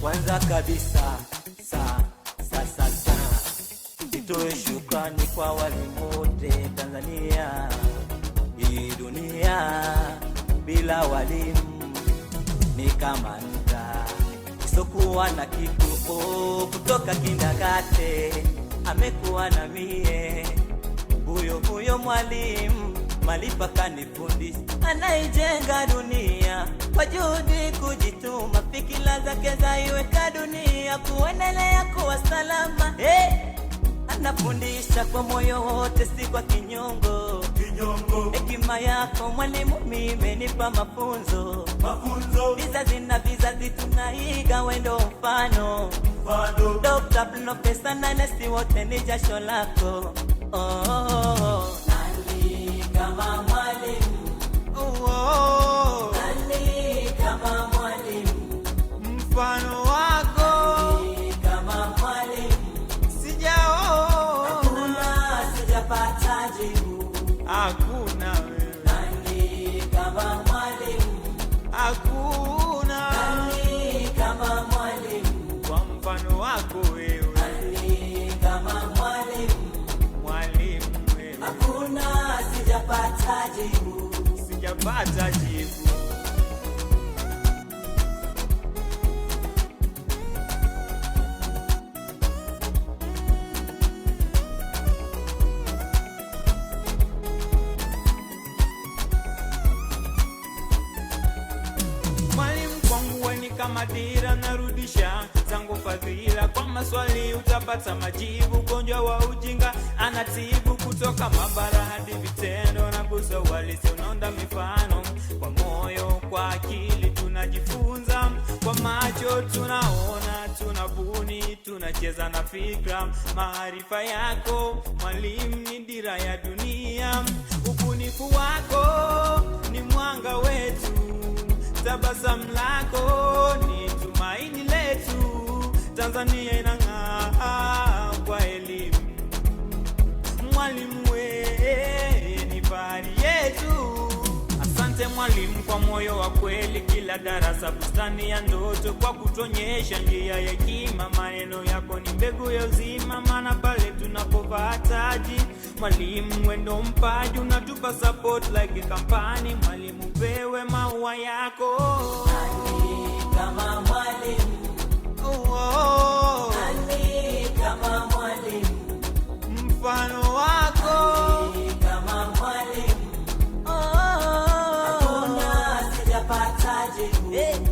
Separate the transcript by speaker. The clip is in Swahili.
Speaker 1: Kwanza kabisa sa sasa sa, nitoe shukrani kwa walimu wote Tanzania. Hii dunia bila walimu ni kama nta isokuwa na kitu, kutoka kindakate amekuwa na mie, huyo huyo mwalimu Malipa kanifundisha, anaijenga dunia kwa juhudi kujituma, fikila zake zaiweka dunia kuendelea kuwa salama. Hey, eh, anafundisha kwa moyo wote, si kwa kinyongo. Hekima yako mwalimu mimenipa mafunzo,
Speaker 2: mafunzo.
Speaker 1: Vizazi na vizazi tunaiga wendo mfano Kabla pesa nane si
Speaker 3: kama mwalimu
Speaker 1: oh, oh, oh.
Speaker 3: kama mwalimu
Speaker 1: mfano
Speaker 3: sijapata jibu,
Speaker 1: sijapata jibu. Mwalimu narudisha zangu fadhila, kwa maswali utapata majibu, ugonjwa wa ujinga anatibu, kutoka mabara hadi vitendo mguso walisi mifano kwa moyo, kwa akili tunajifunza, kwa macho tunaona, tunabuni, tunacheza na fikra. Maarifa yako mwalimu ni dira ya dunia, ubunifu wako ni mwanga wetu, tabasamu lako ni tumaini letu. Tanzania inang'aa kwa elimu, mwalimu mwalimu kwa moyo wa kweli, kila darasa bustani ya ndoto, kwa kutonyesha njia ya hekima. Maneno yako ni mbegu ya uzima, maana pale tunapovaa taji. Mwalimu wendo mpaji, unatupa support like kampani. Mwalimu pewe maua yako
Speaker 3: Ani.
Speaker 1: Hey.